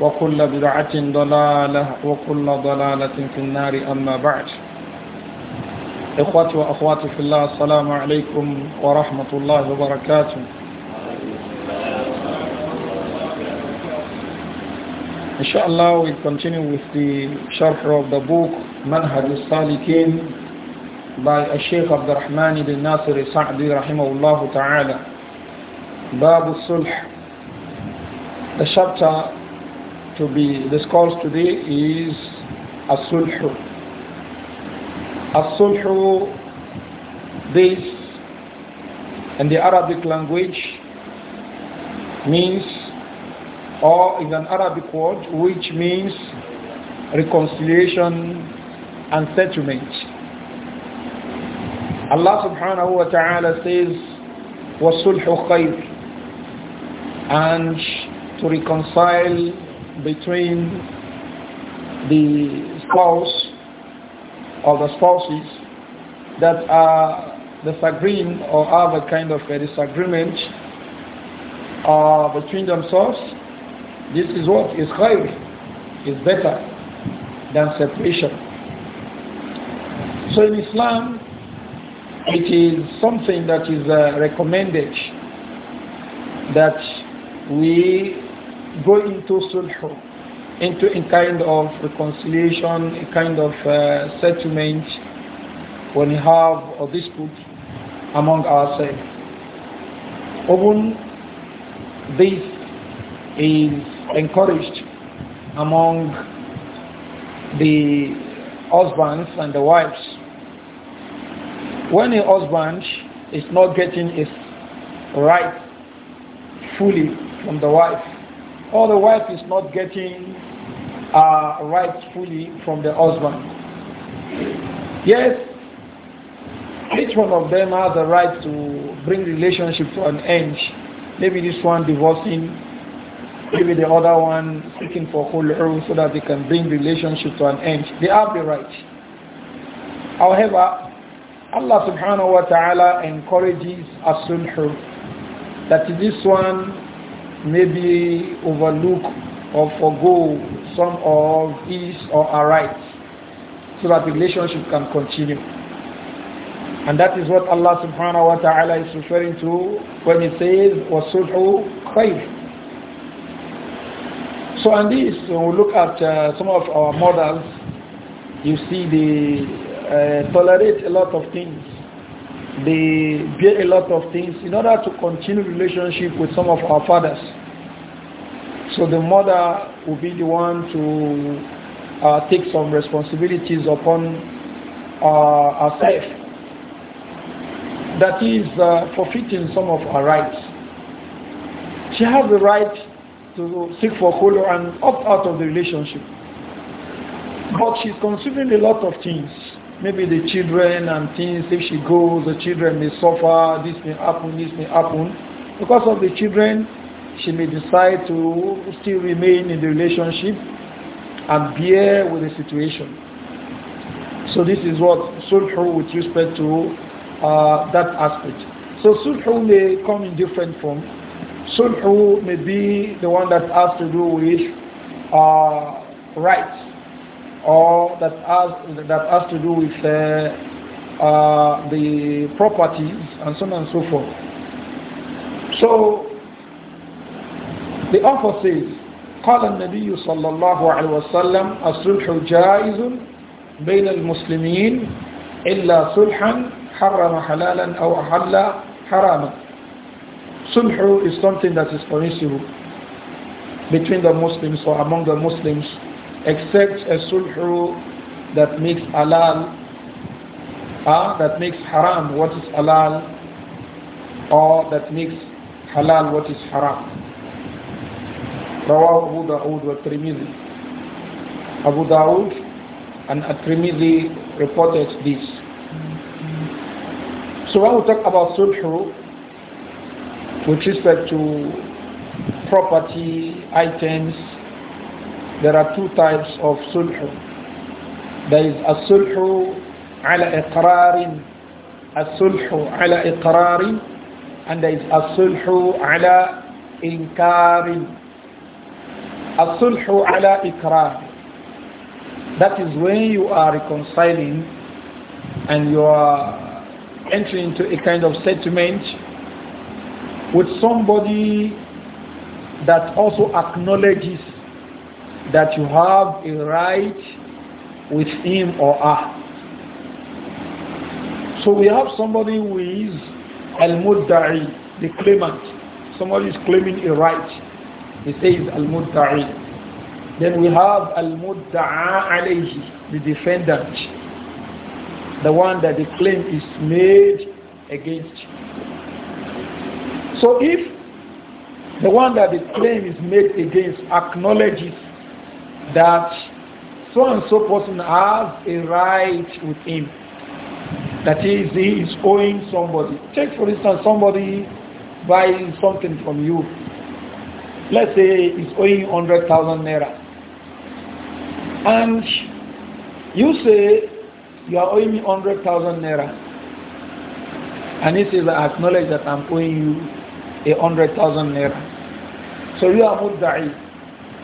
وكل بدعة ضلالة وكل ضلالة في النار أما بعد إخوتي وأخواتي في الله السلام عليكم ورحمة الله وبركاته الله we continue with the sharh of the book منهج السالكين by الشيخ عبد الرحمن ibn Nasir Sa'di rahimahullah ta'ala. تعالى باب الصلح The chapter to be discussed today is As-Sulhu. As-Sulhu, this in the Arabic language means or is an Arabic word which means reconciliation and settlement. Allah subhanahu wa ta'ala says, وَالصُلْحُ خَيْرٌ And to reconcile between the spouse or the spouses that are disagreeing or have a kind of a disagreement uh, between themselves, this is what is higher, is better than separation. So in Islam, it is something that is uh, recommended that we go into sulh, into a kind of reconciliation, a kind of uh, settlement when we have a dispute among ourselves. Even this is encouraged among the husbands and the wives. When a husband is not getting his right fully from the wife, or the wife is not getting uh, rights fully from the husband. Yes, each one of them has the right to bring relationship to an end. Maybe this one divorcing, maybe the other one seeking for earth so that they can bring relationship to an end. They have the right. However, Allah subhanahu wa ta'ala encourages as hope That this one maybe overlook or forego some of his or her rights so that the relationship can continue. And that is what Allah subhanahu wa ta'ala is referring to when he says, وَصُلْحُ خَيْرٌ So on this, when we look at uh, some of our models, you see they uh, tolerate a lot of things. They bear a lot of things in order to continue relationship with some of our fathers. So the mother will be the one to uh, take some responsibilities upon uh, herself. That is uh, forfeiting some of her rights. She has the right to seek for khulu and opt out of the relationship. But she's considering a lot of things. Maybe the children and things, if she goes, the children may suffer, this may happen, this may happen. Because of the children, she may decide to still remain in the relationship and bear with the situation. So this is what sulhu with respect to uh, that aspect. So sulhu may come in different form. Sulhu may be the one that has to do with uh, rights or that has, that has to do with uh, uh the properties and so on and so forth. So the author says, قال النبي صلى الله عليه وسلم الصلح جائز بين المسلمين إلا صلحا حرم حلالا أو أحل حراما Sulh is something that is permissible between the Muslims or among the Muslims except a sulh that makes halal uh, that makes haram what is halal or that makes halal what is haram رواه أبو داود والترمذي Abu Dawud and at reported this. So when we talk about sulhu with respect to property, items, there are two types of sulhu. There is as-sulhu ala iqrarin, as-sulhu ala iqrarin, and there is as-sulhu ala inkarin. As-sulhu ala ikra. That is when you are reconciling and you are entering into a kind of settlement with somebody that also acknowledges that you have a right with him or her. So we have somebody who is al-mudda'i, the claimant. Somebody is claiming a right he says al-mudda'i. Then we have al-mudda'a alayhi, the defendant, the one that the claim is made against. So if the one that the claim is made against acknowledges that so and so person has a right with him. That is, he is owing somebody. Take for instance, somebody buying something from you let's say he's owing 100,000 naira. And you say you are owing me 100,000 naira. And he says, I acknowledge that I'm owing you a 100,000 naira. So you are mudda'i.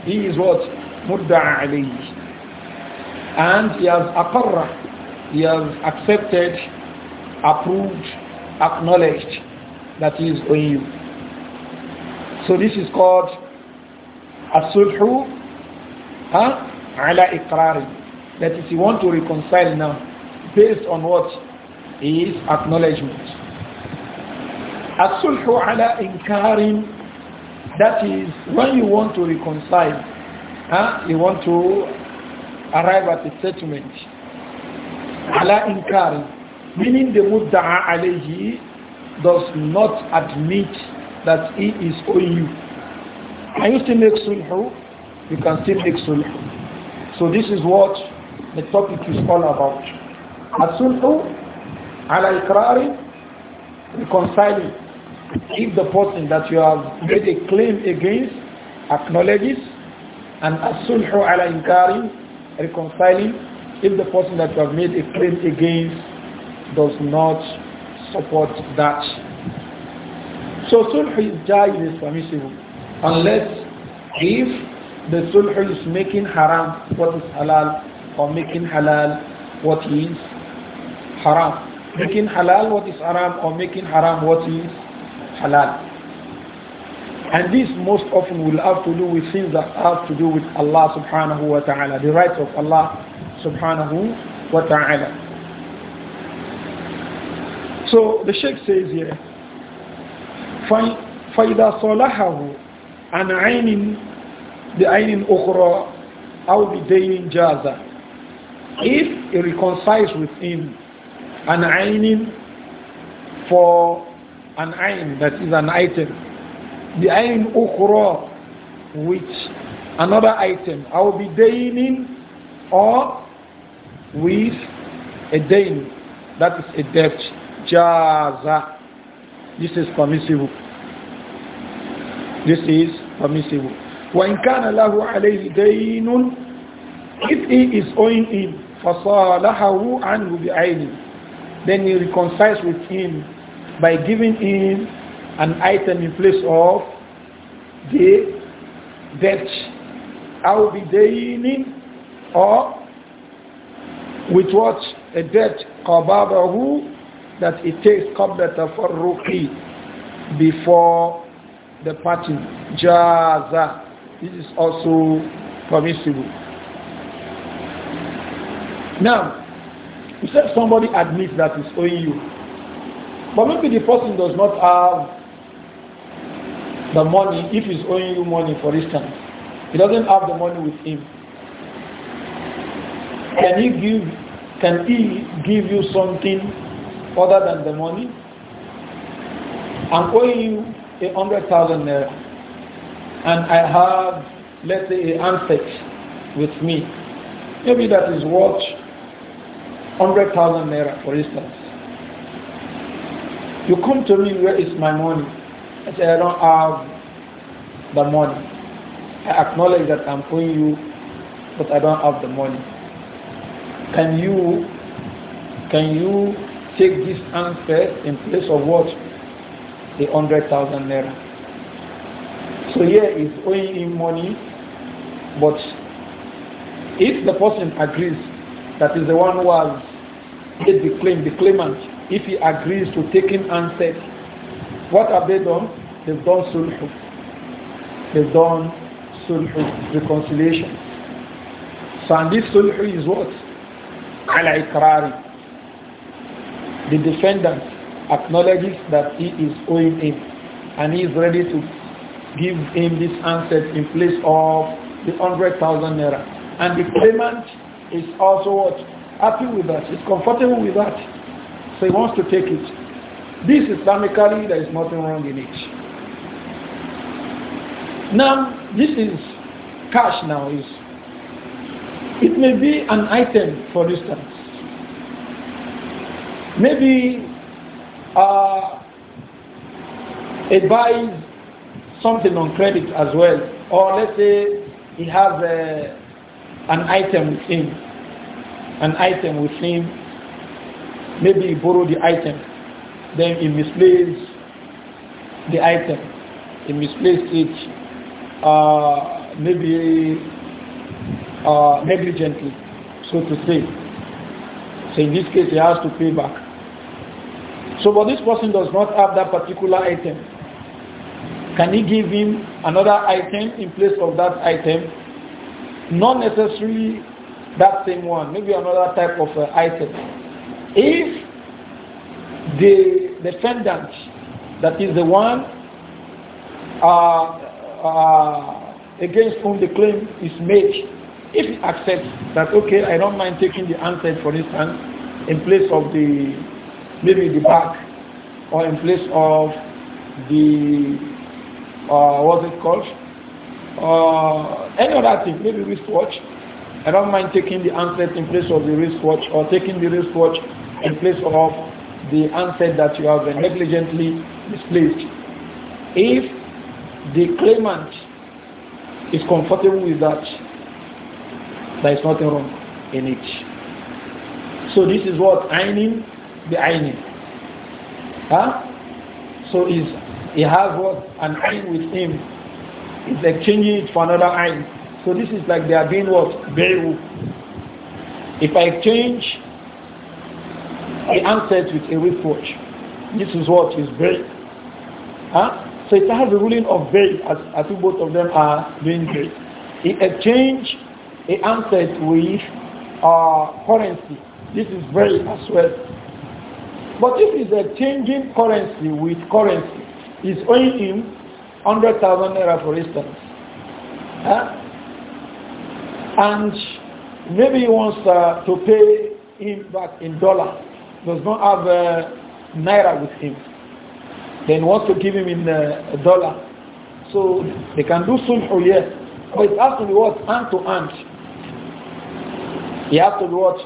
He is what? Mudda'a alayhi. And he has aqarra. He has accepted, approved, acknowledged that he is owing you. So this is called As-Sulhu Ala Iqrari. That is, he want to reconcile now based on what is acknowledgement. As-Sulhu Ala Inkarin that is when you want to reconcile, huh? you want to arrive at a settlement. Ala inkar, meaning the mudda'a alayhi does not admit that he is owing you. Can you still make sulh? You can still make sulh. So this is what the topic is all about. as ala ikrari, reconciling. If the person that you have made a claim against acknowledges, and as ala inkari, reconciling, if the person that you have made a claim against does not support that so sulh is is permissible unless if the sulh is making haram what is halal or making halal what is haram. Making halal what is haram or making haram what is halal. And this most often will have to do with things that have to do with Allah subhanahu wa ta'ala, the rights of Allah subhanahu wa ta'ala. So the Sheikh says here, فإذا صلحه عن عين بعين أخرى أو بدين جازة if he reconciles with him an عين for an ayn that is an item the ayn ukhra which another item I will be dayning or with a dain that is a debt jaza this is permissible. This is permissible. وَإِنْ كَانَ لَهُ عَلَيْهِ دَيْنٌ If he is owing him, فَصَالَحَهُ عَنْهُ بِعَيْنِ Then he reconciles with him by giving him an item in place of the debt. أَوْ بِدَيْنٍ Or with what? A debt. qababahu that it takes for tafarruqi before the party. Jaza. This is also permissible. Now, you said somebody admits that is owing you. But maybe the person does not have the money, if he's owing you money, for instance. He doesn't have the money with him. Can he give, can he give you something other than the money, I'm owing you a hundred thousand naira, and I have, let's say, a handset with me. Maybe that is worth hundred thousand naira, for instance. You come to me, where is my money? I say, I don't have the money. I acknowledge that I'm owing you, but I don't have the money. Can you, can you take this answer in place of what? The 100,000 naira. So here is owing him money, but if the person agrees, that is the one who has made the claim, the claimant, if he agrees to taking answer, what have they done? They've done sulh. They've done sulh, reconciliation. So and this sulh is what? Ala ikrari the defendant acknowledges that he is owing him and he is ready to give him this answer in place of the 100,000 naira. And the claimant is also what? Happy with that. He's comfortable with that. So he wants to take it. This Islamically, there is nothing wrong in it. Now, this is cash now. Is It may be an item, for instance. Maybe uh, it buys something on credit as well. Or let's say he has a, uh, an item with him. An item with him. Maybe he borrowed the item. Then he misplaced the item. He misplaced it uh, maybe uh, negligently, so to say. So in this case, he has to pay back. So, but this person does not have that particular item. Can he give him another item in place of that item? Not necessarily that same one, maybe another type of uh, item. If the defendant, that is the one uh, uh, against whom the claim is made, if he accepts that, okay, I don't mind taking the answer, for instance, in place of the maybe in the back or in place of the uh, what's it called? Uh, any other thing, maybe wristwatch. I don't mind taking the handset in place of the wristwatch or taking the wristwatch in place of the handset that you have negligently misplaced. If the claimant is comfortable with that, there is nothing wrong in it. So this is what I mean بعينه huh? so is he has what an eye with him he's exchanging it for another eye so this is like they are doing what beru if I exchange the answer with a reproach this is what is very huh? so it has a ruling of beru as, as if both of them are doing beru he exchange the answer with uh, currency this is very as well but if he's exchanging currency with currency, he's owing him 100,000 naira for instance. Huh? And maybe he wants uh, to pay him back in dollar. Does not have uh, naira with him. Then wants to give him in uh, dollar. So they can do sulh yes. But it has to be what? Hand to hand. He has to be what?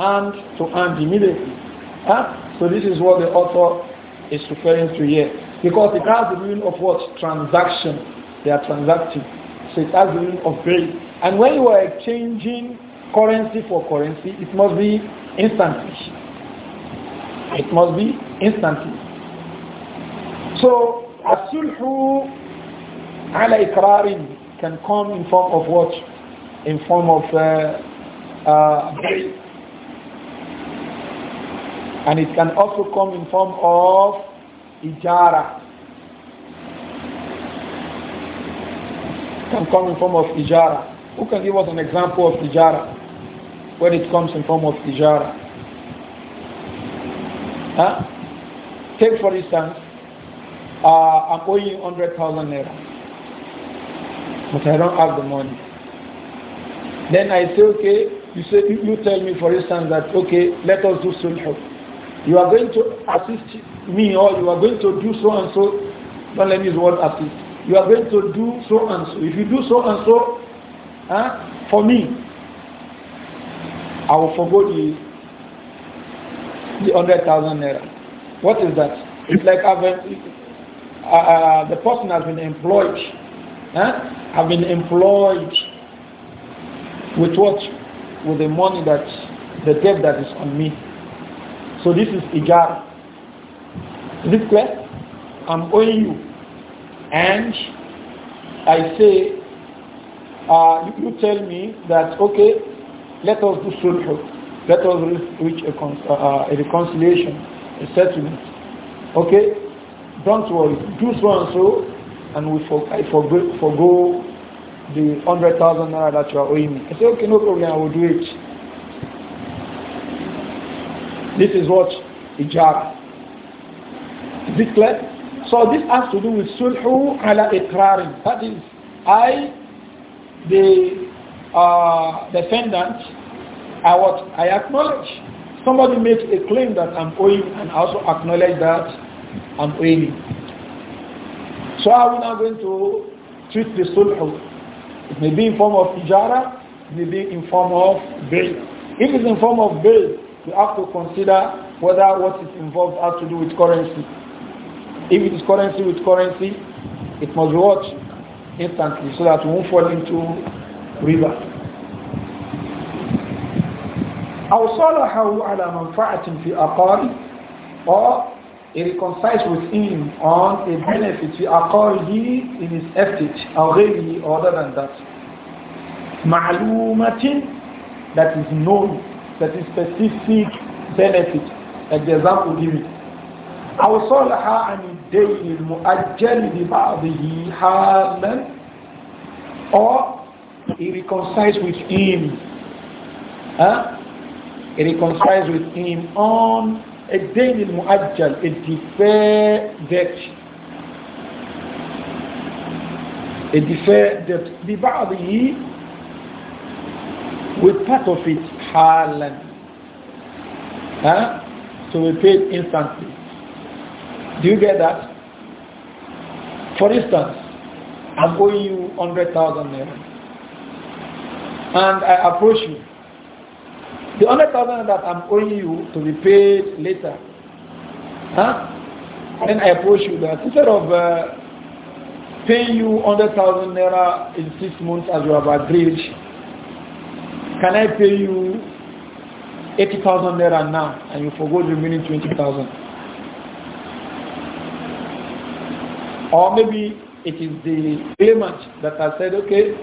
Hand to hand immediately. Huh? So this is what the author is referring to here. Because it has the meaning of what? Transaction. They are transacting. So it has the meaning of trade. And when you are exchanging currency for currency, it must be instantly. It must be instantly. So asulhu ala ikrarin can come in form of what? In form of uh, uh, and it can also come in form of ijara. It can come in form of ijara. Who can give us an example of ijara? When it comes in form of ijara. Huh? Take for instance, uh, I'm owing you 100,000 naira, but I don't have the money. Then I say, okay, you say you, tell me for instance that okay, let us do sulh. You are going to assist me or you are going to do so and so. Don't let me use the word assist. You are going to do so and so. If you do so and so huh, for me, I will forgo the, the 100,000 naira. What is that? It's like having, uh, uh, the person has been employed. Huh? I've been employed with what? With the money that, the debt that is on me. So this is ijar. Is it clear? I'm owing you. And I say, uh, you, you, tell me that, okay, let us do sulh. Let us reach a, uh, uh, a reconciliation, a settlement. Okay? Don't worry. Do so and so, and we for, I forgo, forgo the 100,000 naira that you are owing me. I say, okay, no problem, I will do it. This is what hijab. Is it clear? So this has to do with sulhu ala iqrarin. That is, I, the uh, defendant, I what I acknowledge. Somebody makes a claim that I'm owing, and I also acknowledge that I'm owing. So are we now going to treat the sulhu? It may be in form of ijara, it may be in form of bail. If it's in form of bail, we have to consider whether what is involved has to do with currency. If it is currency with currency, it must be watched instantly so that we won't fall into river. أو صالحه على منفعة في أقارب or he reconciles with him on a benefit في أقاربه in his estate أو غيره other than that معلومة that is known that is specific benefit, like the example given. أو صلح عن الدين المؤجل ببعضه حالا or he reconciles with him huh? he reconciles with him on a day in muajjal a deferred debt a deferred debt ببعضه with part of it halan huh? to be paid instantly. Do you get that? For instance, I'm owing you 100,000 naira. And I approach you. The 100,000 that I'm owing you to be paid later. Huh? Then I approach you that instead of uh, paying you 100,000 naira in six months as you have agreed, can I pay you 80,000 naira now and you forgo the remaining 20,000? Or maybe it is the payment that has said, okay,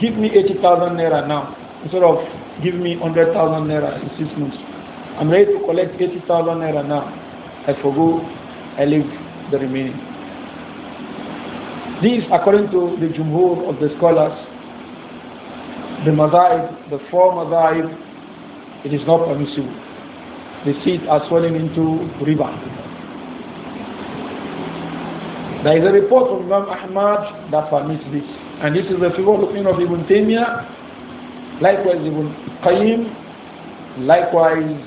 give me 80,000 naira now instead of give me 100,000 naira in six months. I'm ready to collect 80,000 naira now. I forgo, I leave the remaining. This, according to the jumhur of the scholars, the madhaib, the four madhaib, it is not permissible. The seeds are swelling into river. There is a report from Imam Ahmad that permits this. And this is the favorite opinion of Ibn Taymiyyah, likewise Ibn Qayyim, likewise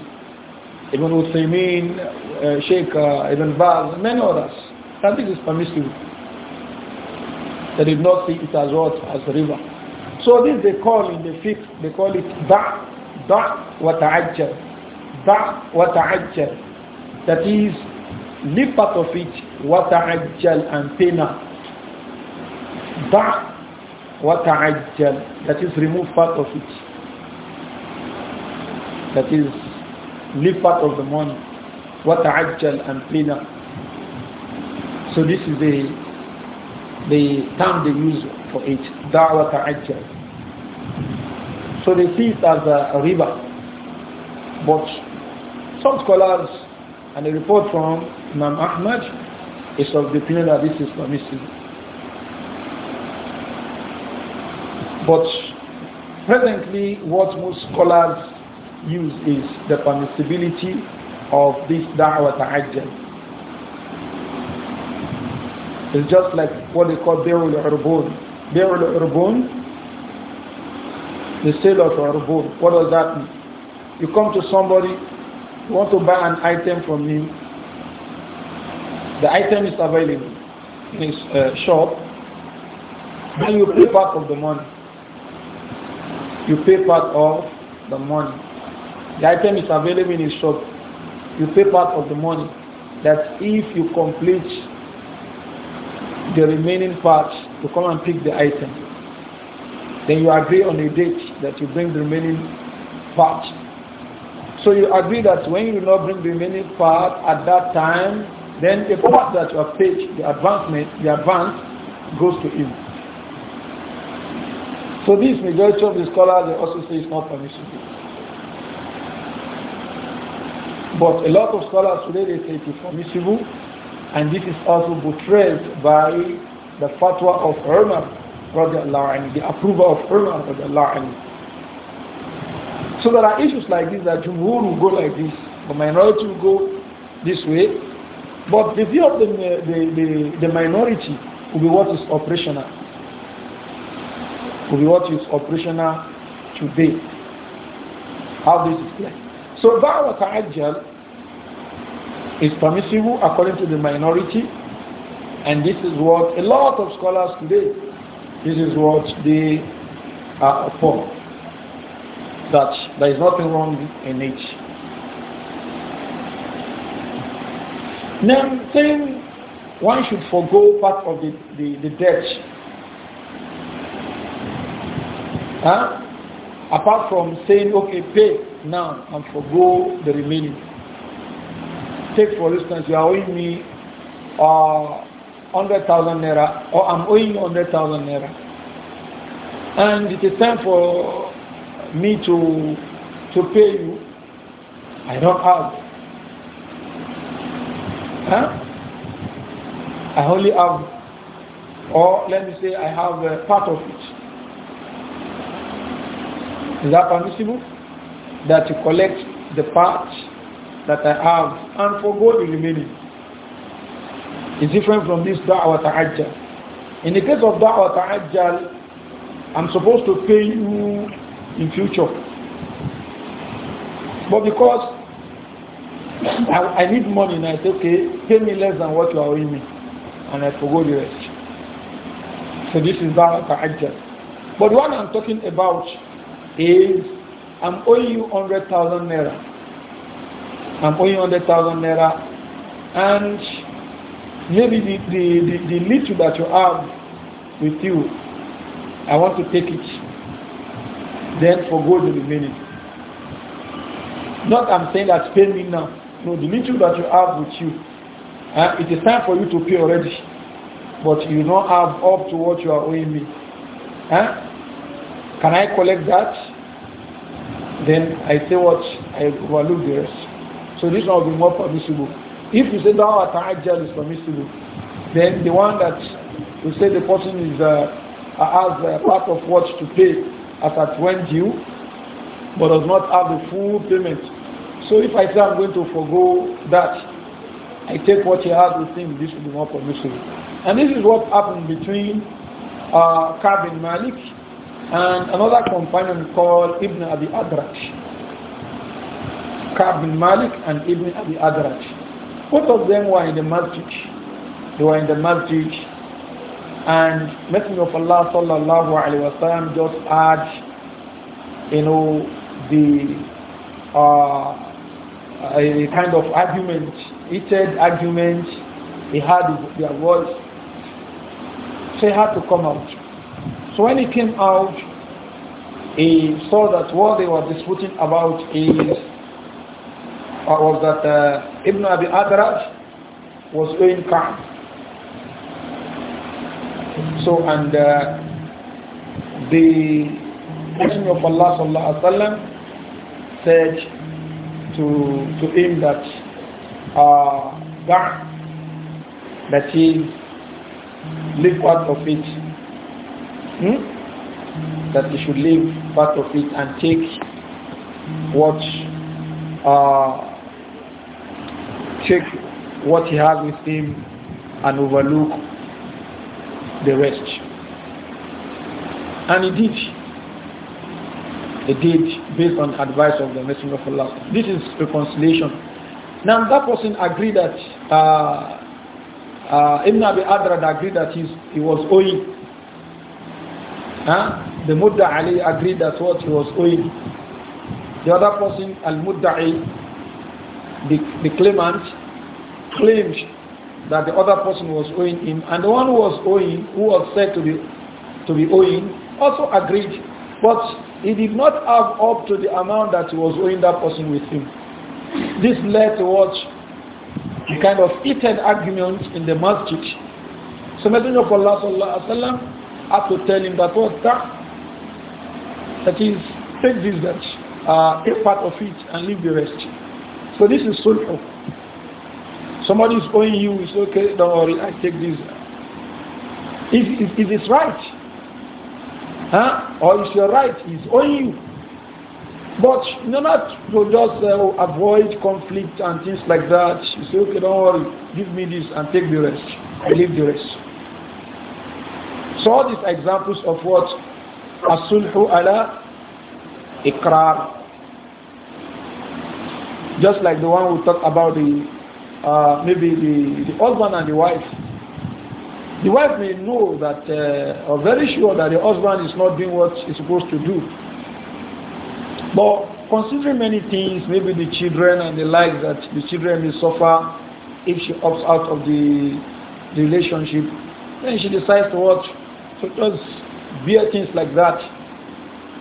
Ibn Uthaymeen, uh, Sheikh uh, Ibn Baz, many others. Something is permissible. They did not see it as what? As a river. So this they call in the fiqh, they call it da' da' wa ta'ajjal. Da' wa ta'ajjal. That is, leave part of it, wa ta'ajjal and cleaner. Da' wa ta'ajjal. That is, remove part of it. That is, leave part of the money. Wa ta'ajjal and cleaner. So this is the the term they use for it, water ta'ajjal. So they see it as a, a river. But some scholars and a report from Imam Ahmad is of the opinion that this is permissible. But presently what most scholars use is the permissibility of this da'wah ta'ajjal. It's just like what they call Beirul Urbun. Beirul Urbun the sale of our home. What does that mean? You come to somebody, you want to buy an item from him. The item is available in his uh, shop. Then you pay part of the money. You pay part of the money. The item is available in his shop. You pay part of the money. That if you complete the remaining part, to come and pick the item. Then you agree on a date that you bring the remaining part. So you agree that when you do not bring the remaining part at that time, then the part that you have paid, the advancement, the advance goes to him. So this majority of the scholars they also say it's not permissible. But a lot of scholars today they say it is permissible and this is also buttressed by the fatwa of Umar, the approval of Umar. So there are issues like this that Jumhur will go like this, the minority will go this way, but the view of the, the, the, the minority will be what is operational. Will be what is operational today. How this is played. So da'wah ta'ajjal is permissible according to the minority and this is what a lot of scholars today, this is what they are for that there is nothing wrong in it. Now, saying one should forego part of the, the, the debt, huh? apart from saying, okay, pay now and forego the remaining. Take for instance, you are owing me uh, 100,000 naira, or I'm owing you 100,000 naira. And it is time for me to to pay you. I don't have. Huh? I only have, or let me say, I have a part of it. Is that permissible? That you collect the part that I have and forego the remaining. It's different from this da'wah ta'ajjal. In the case of da'wah ta'ajjal, I'm supposed to pay you in future. But because I, I need money and I say, okay, pay me less than what you are owing me. And I forgot the rest. So this is that ta'ajjal. But what I'm talking about is I'm owing you 100,000 naira. I'm owing you 100,000 naira. And maybe the, the, the, the little that you have with you, I want to take it then forgo the remaining. Not I'm saying that pay me now. No, the little that you have with you, uh, it is time for you to pay already. But you don't have up to what you are owing me. Huh? Eh? Can I collect that? Then I say what? I overlook the rest. So this one will be more permissible. If you say that our ta'ajjal is permissible, then the one that you say the person is uh, has uh, part of what to pay as at when due, but does not have the full payment. So if I say I'm going to forego that, I take what he has with him, this will be more permissible. And this is what happened between uh, Kab Malik and another companion called Ibn Abi Adraj. Kab Malik and Ibn Abi Adraj. Both of them were in the masjid. They were in the masjid and Messenger of Allah sallallahu alaihi wasallam just had, you know, the uh, a kind of argument, heated argument. He had their voice. So he had to come out. So when he came out, he saw that what they were disputing about is or uh, was that uh, Ibn Abi Adraj was owing Ka'b. So, and uh, the Messenger of Allah sallallahu alaihi wasallam said to to him that uh, that that he leave part of it, hmm? that he should leave part of it and take what uh, take what he has with him and overlook the rest. And he did. He did based on advice of the Messenger of Allah. This is reconciliation. Now that person agreed that uh, uh, Ibn Abi Adrad agreed that he was owing. Huh? The Mudda Ali agreed that what he was owing. The other person, Al Mudda'i, the, the claimant, claimed that the other person was owing him, and the one who was owing, who was said to be, to be owing, also agreed, but he did not have up to the amount that he was owing that person with him. This led to what a kind of heated argument in the masjid. So Messenger of Allah sallallahu alaihi wasallam had to tell him that what that, that is take this that uh, take part of it and leave the rest. So this is sulh. Somebody is owing you, it's okay, don't worry, I take this. If, if, it's right, huh? or if you're right, he's owing you. But you know, not to just uh, avoid conflict and things like that. You say, okay, don't worry, give me this and take the rest. I leave the rest. So all these examples of what? Asulhu ala ikrar. Just like the one we talked about the uh, maybe the, the husband and the wife. The wife may know that, uh, or very sure that the husband is not doing what he's supposed to do. But considering many things, maybe the children and the like that the children may suffer if she opts out of the, the relationship, then she decides to what? To just bear things like that.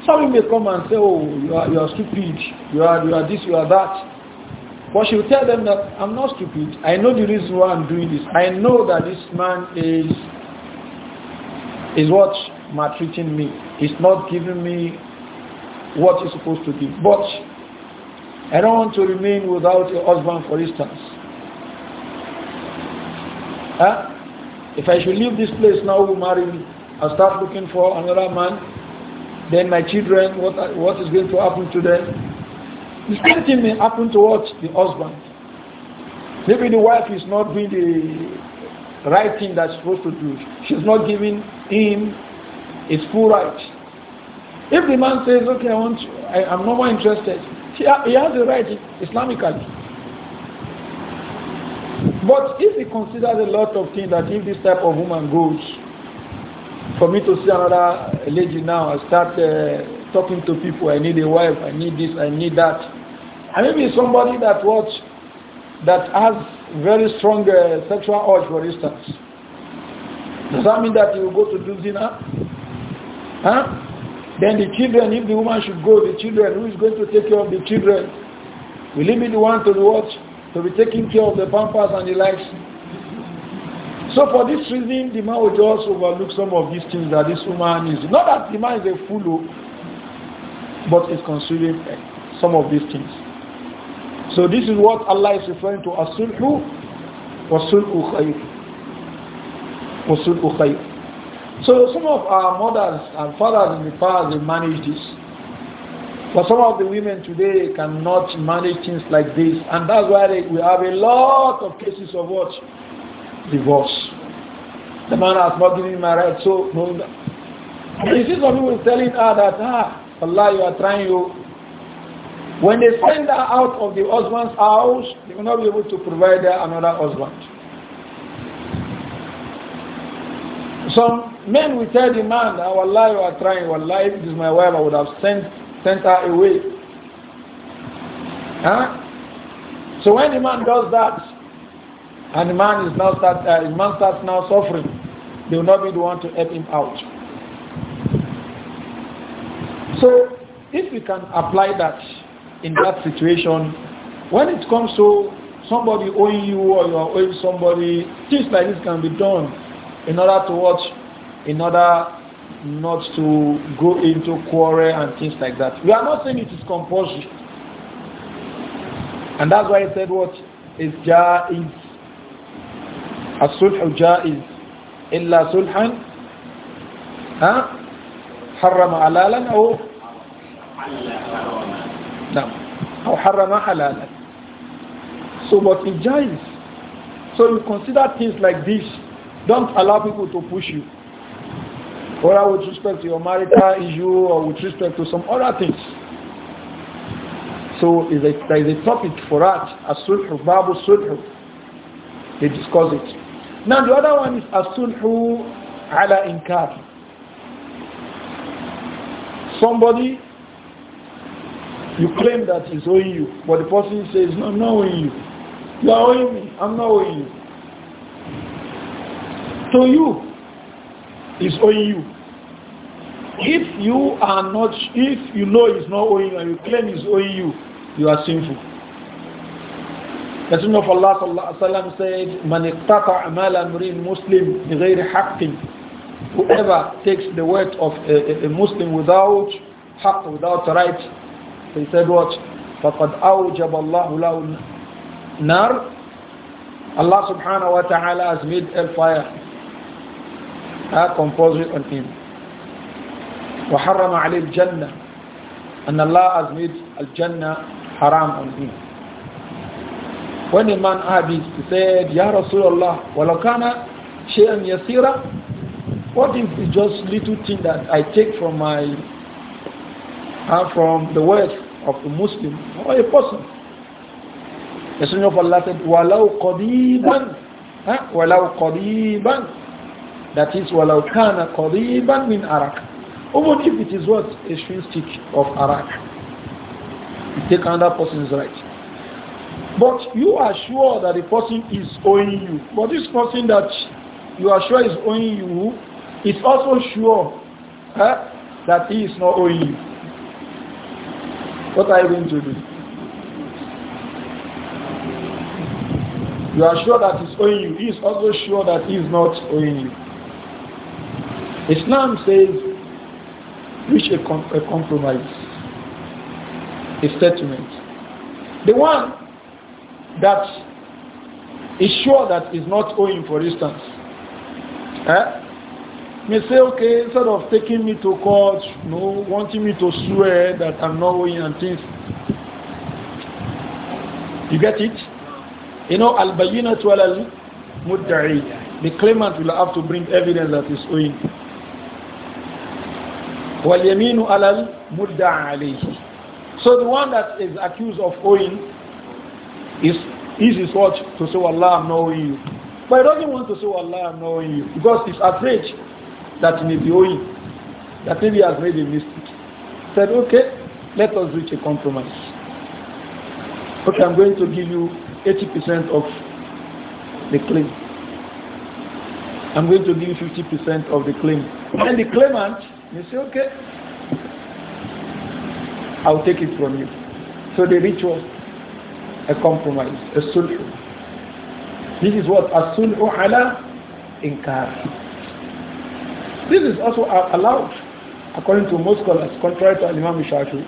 Some may come and say, oh, you are, you are stupid, you are, you are this, you are that. But she will tell them that I'm not stupid. I know the reason why I'm doing this. I know that this man is is what maltreating me. He's not giving me what he's supposed to give. But I don't want to remain without a husband, for instance. Huh? If I should leave this place now, who marry me? I'll start looking for another man. Then my children, what, what is going to happen to them? The same thing may happen towards the husband. Maybe the wife is not doing the right thing that's supposed to do. She's not giving him his full right. If the man says, okay, I want, I, am no more interested, he, he has the right Islamically. But if he considers a lot of things that if this type of woman goes, for me to see another lady now, I start uh, talking to people, I need a wife, I need this, I need that. And maybe somebody that what that has very strong uh, sexual urge, for instance. Does that mean that you go to do dinner? Huh? Then the children, if the woman should go, the children, who is going to take care of the children? Will he be the one to watch, to be taking care of the pampas and the likes? So for this reason, the man will just overlook some of these things that this woman is. Not that the man is a fool, oh, but is considering eh, some of these things. So this is what Allah is referring to as sulhu wa sulhu khayr. Wa sulhu khayr. So some of our mothers and fathers in the past they managed this. But some of the women today cannot manage things like this and that's why they, we have a lot of cases of what? Divorce. The man has not given me my right so no. You see some people telling her that ah, Allah you are trying you when they send her out of the husband's house, they will not be able to provide her another husband. Some men will tell the man, "Our life, you are trying, life. This is my wife, I would have sent, sent her away. Huh? So when the man does that, and the man is now start, uh, the man starts now suffering, they will not be the one to help him out. So if we can apply that in that situation. When it comes to somebody owing you or you are owing somebody, things like this can be done in order to watch, in order not to go into quarrel and things like that. We are not saying it is compulsory. And that's why I said what is ja'iz. الصلح جائز إلا صلحا ها حرم علالا or? Now, أو حرم halal. So but jais. So you consider things like this. Don't allow people to push you. Whether with respect to your marital issue or with respect to some other things. So is a, there is a topic for us, as-sulhu, babu sulhu. They discuss it. Now the other one is as-sulhu ala inkar. Somebody you claim that he's owing you, but the person says, no, I'm not owing you. You are owing me, I'm not owing you. To you, is owing you. If you are not, if you know he's not owing you and you claim he's owing you, you are sinful. Messenger of Allah sallallahu alaihi wasallam said, "Man iqtata mal amrin muslim bighayr Whoever takes the word of a, a, a Muslim without haqq, without right, so he said what? فَقَدْ أَوْجَبَ اللَّهُ لَهُ النَّارِ Allah subhanahu wa ta'ala has made a fire uh, compulsory on him. وَحَرَّمَ عَلَيْهِ الْجَنَّةِ And Allah has made al-Jannah haram on him when a man this, he said ya rasulullah walakana shay'an yasira what if it's just little thing that i take from my from the word of a Muslim or a person. The Messenger of Allah said, وَلَوْ قَرِيبًا huh? وَلَوْ That is, وَلَوْ كَانَ قَرِيبًا مِنْ أَرَكَ Even if it is what? A string stick of arak. You take another person's right. But you are sure that the person is owing you. But this person that you are sure is owing you is also sure huh, eh, that he is not owing you. What are you going to do? You are sure that he's owing you. He is also sure that he is not owing you. Islam says, reach a, com a compromise, a settlement. The one that is sure that is not owing, for instance, eh? may say, okay, instead of taking me to court, you know, wanting me to swear that I'm not going and things. You get it? You know, al-bayinatu al-mudda'i. The claimant will have to bring evidence that is owing. وَالْيَمِينُ عَلَى الْمُدَّعَ عَلَيْهِ So the one that is accused of owing is his watch To say, Allah, I'm not owing you. But he doesn't want to say, Allah, I'm not owing you. Because he's afraid that may be owing, that maybe has made a mistake. Said, okay, let us reach a compromise. Okay, I'm going to give you 80% of the claim. I'm going to give you 50% of the claim. And the claimant, you say, okay, I'll take it from you. So the ritual, a compromise, a solution. This is what a sulh ala this is also allowed, according to most scholars, contrary to Imam Shafi.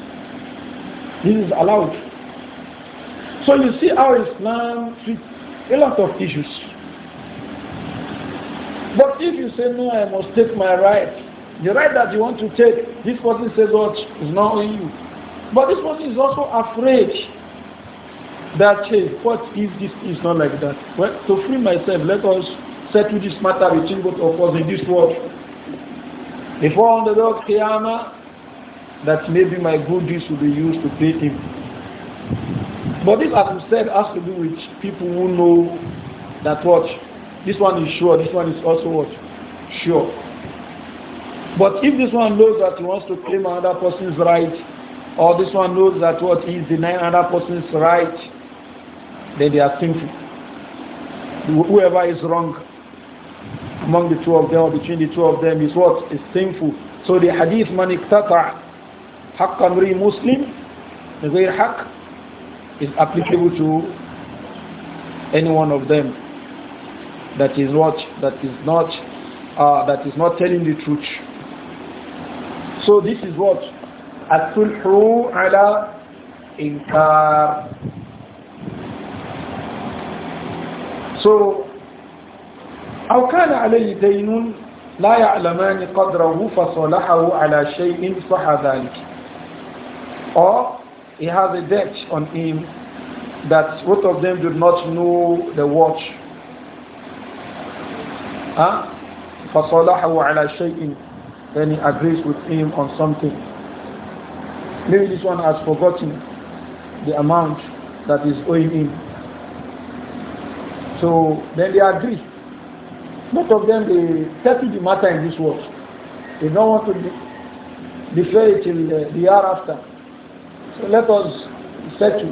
This is allowed. So you see how Islam treats a lot of issues. But if you say, no, I must take my right, the right that you want to take, this person says, what is not on you. But this person is also afraid that, hey, what if this is not like that? Well, to free myself, let us settle this matter between both of us in this world. Before the day of Qiyamah, that maybe my good deeds will be used to pay him. But this, as we said, has to do with people who know that what this one is sure, this one is also what sure. But if this one knows that he wants to claim another person's right, or this one knows that what he is denying another person's right, then they are sinful. Whoever is wrong among the two of them or between the two of them is what? Is sinful. So the hadith man iktata haqqan ri muslim غير haqq is applicable to any one of them that is what that is not uh, that is not telling the truth. So this is what as-sulhu ala inkar. So أو كان عليه دين لا يعلمان قدره فصلحه على شيء صح ذلك or he has a debt on him that both of them do not know the watch huh? فصلحه على شيء then he agrees with him on something maybe this one has forgotten the amount that is owing him so then they agree most of them, they settle the matter in this world. They don't want to defer it till the, uh, the year after. So let us settle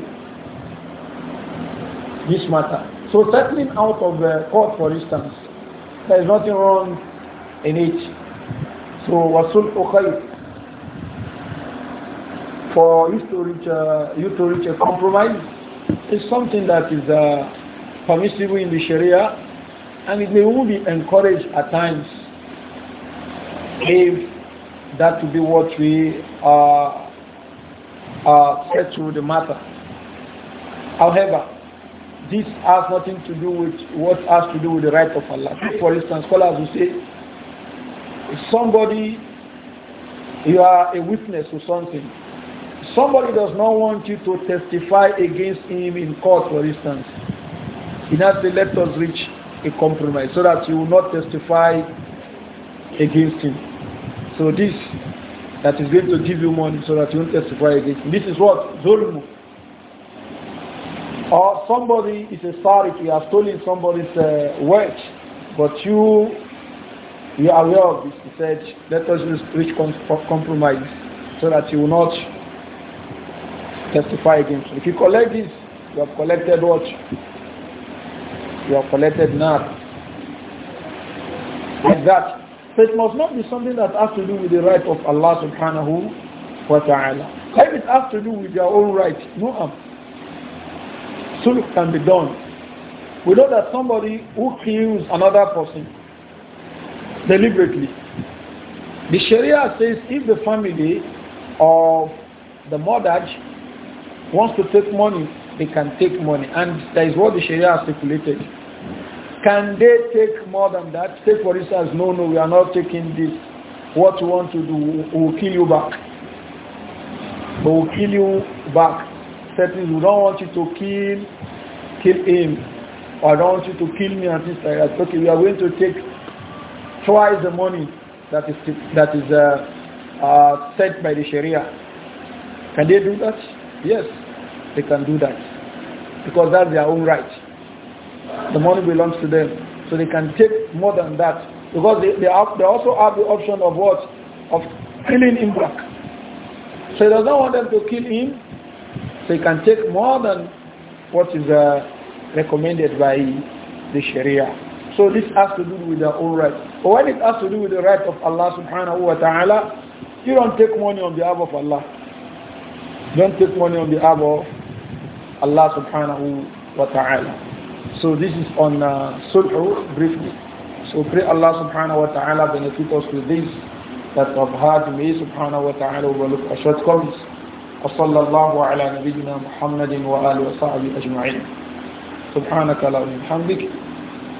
this matter. So settling out of the uh, court, for instance, there is nothing wrong in it. So wasul ukhay for you to reach a, you to reach a compromise is something that is uh, permissible in the Sharia and it may even be encouraged at times if that to be what we are uh, uh, said to the matter. However, this has nothing to do with what has to do with the right of Allah. For instance, scholars will say, if somebody, you are a witness to something. Somebody does not want you to testify against him in court, for instance. has to let us reach a compromise so that you will not testify against him. So this that is going to give you money so that you won't testify against him. This is what? Zulmu. Or somebody is a sarik, you have stolen somebody's uh, wealth, but you you are aware of this. He said, let us reach compromise so that you will not testify against him. If you collect this, you have collected what? you have collected now. Like that. So it must not be something that has to do with the right of Allah subhanahu wa ta'ala. If it has to do with your own right, no harm. Sulh can be done. We know that somebody who kills another person deliberately, the Sharia says if the family of the mother wants to take money they can take money. And that is what the Sharia stipulated. Can they take more than that? Say for instance, no, no, we are not taking this. What you want to do, we will kill you back. We will kill you back. Certainly, we don't want you to kill, kill him. Or I don't want you to kill me and this like that. Okay, we are going to take twice the money that is, that is uh, uh, set by the Sharia. Can they do that? Yes, they can do that because that's their own right. The money belongs to them. So they can take more than that because they, they, have, they also have the option of what? Of killing him back. So he does not want them to kill him. So he can take more than what is uh, recommended by the Sharia. So this has to do with their own right. But when it has to do with the right of Allah subhanahu wa ta'ala, you don't take money on behalf of Allah. You don't take money on behalf of Allah subhanahu wa ta'ala. So this is on uh, Sulhu briefly. So pray Allah subhanahu wa ta'ala benefit us with this that of had may subhanahu wa ta'ala overlook our shortcomings. وصلى الله على نبينا محمد وآله وصحبه أجمعين سبحانك اللهم وبحمدك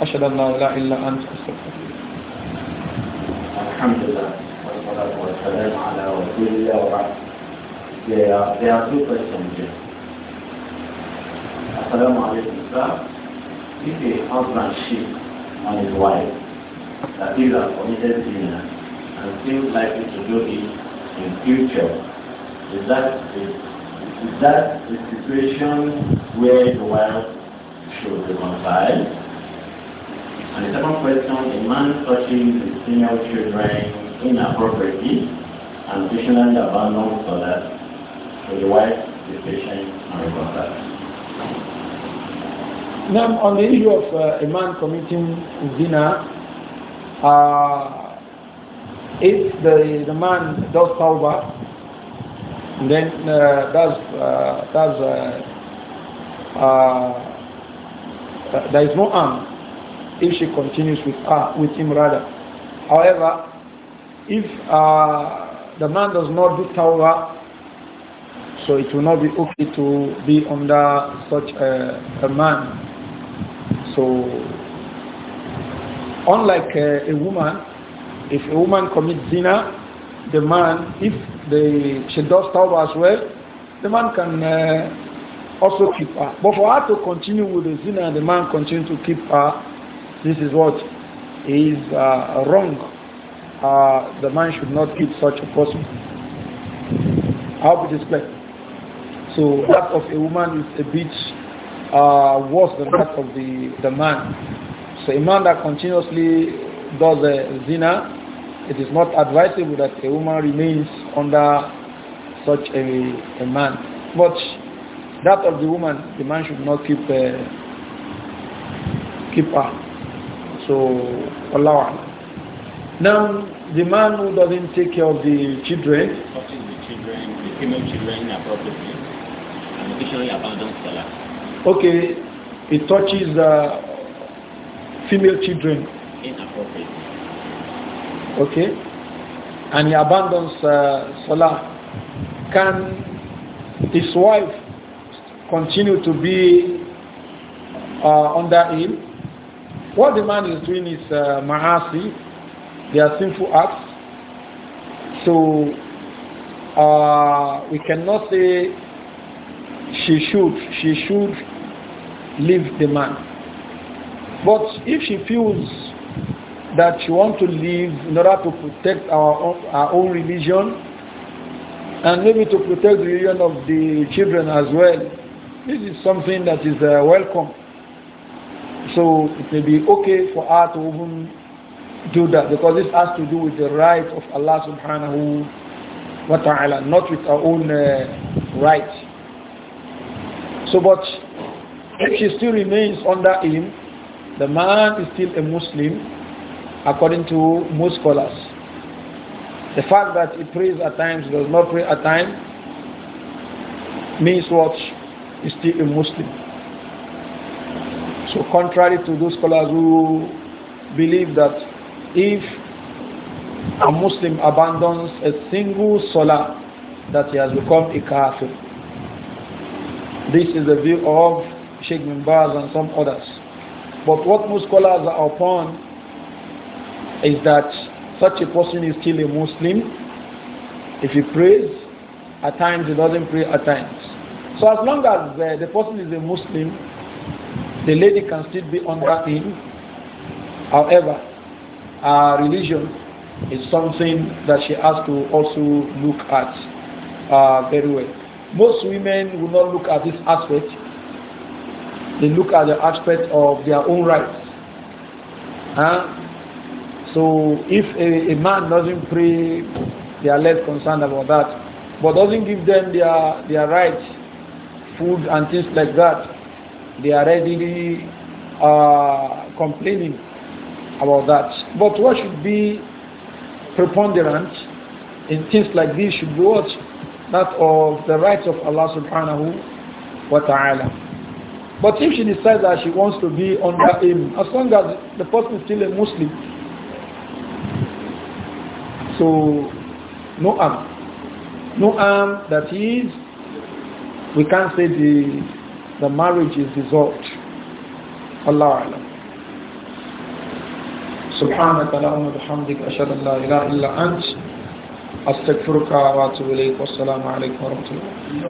أشهد أن لا إله إلا أنت أستغفرك الحمد لله والصلاة والسلام على رسول الله وبعد There are, there Assalamu alaikum, sir. If a husband cheats on his wife, that is a committed sin and seems likely to do it in future, is that a, is that the situation where the wife should reconcile? And the second question, a man touching his female children inappropriately and patiently abandons for that, so the wife is patient and reconciles. Now, on the issue of uh, a man committing zina, uh, if the, the man does tawbah, then uh, does, uh, does, uh, uh, uh, there is no harm if she continues with, uh, with him rather. However, if uh, the man does not do tawbah, so it will not be okay to be under such a man. So, unlike uh, a woman, if a woman commits zina, the man, if the, she does tawbah as well, the man can uh, also keep her. But for her to continue with the zina and the man continue to keep her, this is what is uh, wrong. Uh, the man should not keep such a person. I hope be So that of a woman is a bitch uh, worse than that of the, the man. So a man that continuously does the zina, it is not advisable that a woman remains under such a, a man. But that of the woman, the man should not keep uh, keep her. So her. Now the man who doesn't take care of the children, the children, the female children appropriately, and occasionally abandons the life okay, it touches uh, female children. Okay, and he abandons uh, Salah. Can his wife continue to be uh, under him? What the man is doing is uh, they are sinful acts. So uh, we cannot say she should, she should leave the man. But if she feels that she wants to leave in order to protect our own, our own religion and maybe to protect the religion of the children as well, this is something that is uh, welcome. So it may be okay for her to even do that because this has to do with the right of Allah subhanahu wa ta'ala, not with our own uh, right. So but if she still remains under him, the man is still a Muslim according to most scholars. The fact that he prays at times, does not pray at times, means what? He's still a Muslim. So contrary to those scholars who believe that if a Muslim abandons a single salah, that he has become a kafir. This is the view of Sheikh Bin and some others. But what most scholars are upon is that such a person is still a Muslim. If he prays, at times he doesn't pray at times. So as long as uh, the person is a Muslim, the lady can still be under him. However, uh, religion is something that she has to also look at uh, very well. Most women will not look at this aspect they look at the aspect of their own rights. Huh? So if a, a man doesn't pray, they are less concerned about that. But doesn't give them their, their rights, food and things like that, they are readily uh, complaining about that. But what should be preponderant in things like this should be what? That of the rights of Allah subhanahu wa ta'ala. But if she decides that she wants to be under him, as long as the person is still a Muslim, so no harm. No harm that is, we can't say the, the marriage is dissolved. Allah Allah. سبحانك اللهم وبحمدك أشهد أن لا إله إلا أنت أستغفرك وأتوب إليك والسلام عليكم ورحمة الله